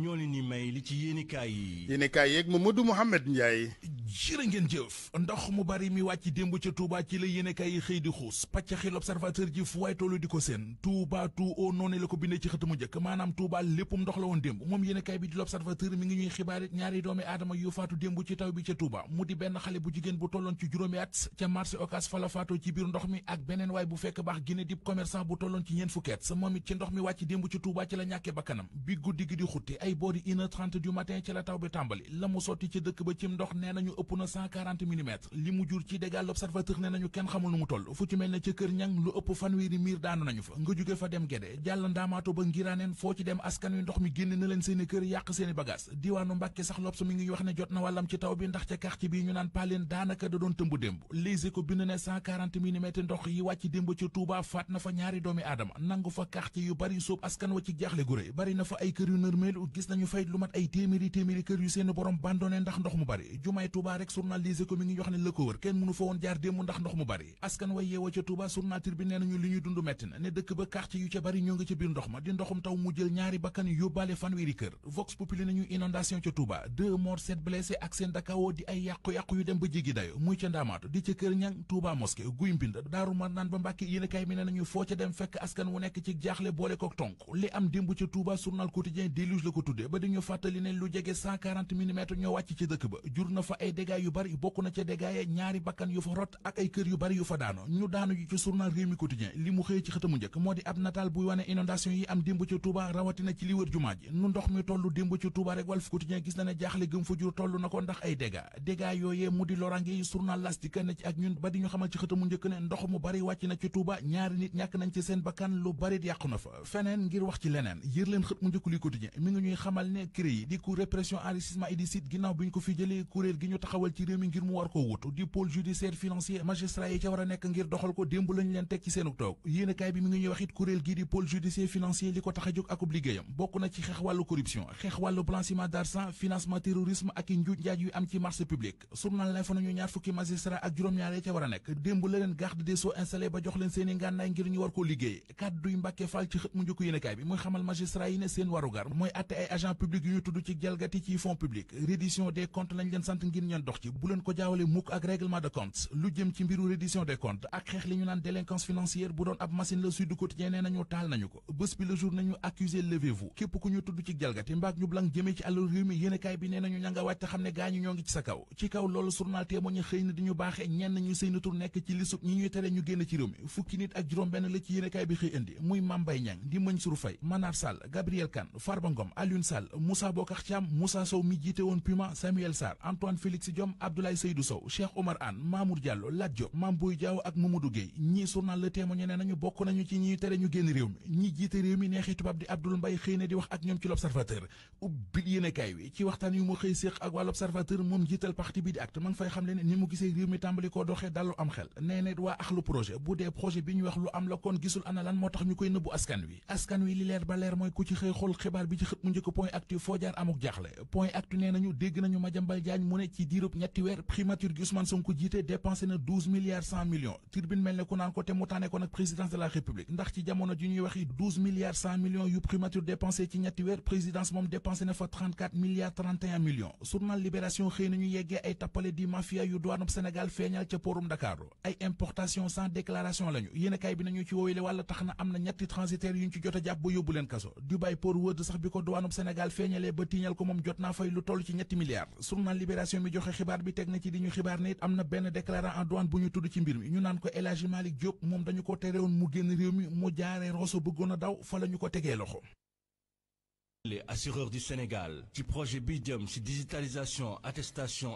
ñoo leen li ci yéenikaay yi yéenikaay yeeg Mamadou Mouhamed Ndiaye jërë ngeen jëf ndox mu bari mi wàcc démb ca Touba ci la yéenekaay yi xëy di xuus pàccaxi l'observateur ji fu waay tollu di ko seen Touba tout au noonu la ko bindee ci xëtamu njëkk maanaam Touba léppum ndox la woon démb moom yéenekaay bi di l'observateur mi ngi ñuy xibaar ñaari doomi aadama yu faatu démb ci taw bi ca Touba mu di benn xale bu jigéen bu tolloon ci juróomi at ca marché Ocass fa la faatoo ci biir bu fekk baax gine dib commerçant bu tolloon ci ñeen fukkeet moom it ci ndox mi wàcc démb ci Touba ci la 30 du matin ci la taw bi tàmbali la mu sotti ci dëkk ba cim ndox nee nañu ëpp na 140 millimètres li mu jur ci dégâts l'observateur nee nañu kenn xamul nu mu toll ca kër ñang lu ëpp fanweeri miir daanu nañu fa nga jóge fa dem Guédé jàll ndaamaato ci dem askan wi ndox na leen seeni kër yàq seeni bagage diwaanu Mbàkke sax lobs mi ngi daanaka da tëmb démb Les Échos bind ne 140 ndox yi wàcc démb ca Touba faat na fa ñaari doomi aadama nangu fa quartier yu bari sóob askan mat ay téeméeri téeméeri kër yu seen borom bandone ndax yu ca ak seen dakawoo di ay yàqu-yàqu yu dem ba jéggi dayo muy ca Ndaamaatu di ca Kër Ñang Touba mosquée guy mbind Daaru Marnaan ba Mbàkke yéenekaay mi ne nañu foo ca dem fekk askan wu nekk ci jaaxle boole ko tonk li am démb ca Touba journal quotidien déluge la ko tudde ba dañu fàttali ne lu jege 140 millimètres ñoo wàcc ci dëkk ba jur na fa ay dégâts yu bari bokk na ca dégâts ya ñaari bakkan yu fa rot ak ay kër yu bari yu fa daano ñu daanu ji ci journal Rewmi Quotidien li mu xëy ci xëtamu njëkk moo di ab nataal buy wane inondation yi am démb ca Touba rawatina ci li wër jumaa ji nu ndox mi toll démb ca Touba rek Walf Quotidien gis na ne jaaxle gëm fa jur toll na ko ndax ay dégâts dégâts yooyee mu di lorange yi journal L'As mu bari wàcc na CREI di cour répression enrichissement illicite ginnaaw bi ñu ko fi jëlé kuréel gi ñu taxawal ci réew ngir mu war ko wut di pôle judiciaire financier magistrat yi ca war nekk ngir doxal ko démb lañ leen tek ci tok toog kay bi mi ngi ñuy waxit gi di pôle judiciaire financier li ko ak a bokku na ci xex walu corruption xex walu blanchiment d'argent financement terrorisme ak i njuuj yu am ci marché public journal L'Info ñu ñaar fukki magistrat ak juroom ñaar ci wara leen garde des sceaux installé ba jox leen seeni ngànnaay ngir ñu war ko liggéey kàdduy Mbàkke Fall ci xet mu njëkk kay bi moy xamal magistrat yi seen warugar ay agent public yu tudd képp ku ñu tudd ci jalgati mbaag ñu blank jëmee ci àllu réew mi yéenekaay bi nee nañu ña nga xam ne gaañu ñoo ngi ci sa kaw ci kaw loolu journal témoin xëy na di ñu baaxee ñenn ñu seen tur nekk ci listu ñi ñuy tere ñu génn ci réew fukki nit ak juróom benn la ci yéenekaay bi xëy indi muy Mame Mbaye Niang di Mansour Faye Manar Sall Gabriel Kane Farba Ngom Alioune Moussa Bokar Thiam Moussa Sow mi jité won Puma Samuel Sar, Antoine Félix Diom, Abdoulaye Seydou Sow Cheikh Omar Anne Mamour Diallo Lat Diop Mame Boye Diao ak Mamadou Gueye ñi journal Le Témoin ne nañu bokku nañu ci ñi tere ñu génn réew mi ñi jité réew mi nexi tubab di Abdoul Mbaye xëy di wax ak ñom ci l'Observateur yene kay wi ci waxtan yu mu xëy Cheikh ak waa l'Observateur mom jital parti bi di acte, mang fay xam le ni mu gisee réew mi tàmbali ko doxé dalu am xel nee ne wa akhlu projet bu dé projet bi ñu wax lu am la kon gisul ana lan motax ñukoy neub askan wi askan wi li leer ba leer moy ku ci xëy xol xibaar bi ci xët mu njëkk point actif foo amuk jaxle point actu nee nañu ma nañu Madiambal Diagne mu ne ci diirub ñetti weer primature gi Sonko jité dépensé na 12 milliards 100 millions turbine mel ko nan ko té mutané ko nak présidence de la république ndax ci jamono ji ñuy waxi 12 milliards 100 millions yu primature dépensé ci ñetti weer présidence mom dépensé na fa 34 milliards 31 millions journal libération xey nañu yeggee ay tapalé di mafia yu douane Sénégal feeñal ci porum Dakar ay importation sans déclaration lañu yene kay bi nañu ci woowile wala taxna amna am na ñetti transitaire. yuñ ci jotta japp jàpp yobulen kasso Dubai Port World sax biko ko douane Sénégal feeñal dajalee ba tiiñal ko mom jotna fay lu toll ci ñetti milliards journal libération mi joxe xibaar bi tek na ci diñu ñu xibaar ne amna ben déclarant en douane bu ñu tudd ci mbir mi ñu naan ko El Hadji Malick Diop mom dañu ko téré won mu génn réew mi mu jaaré roso bëggoon daw fa lañu ko téggé loxo les assureurs du Sénégal ci projet Bidium ci digitalisation attestation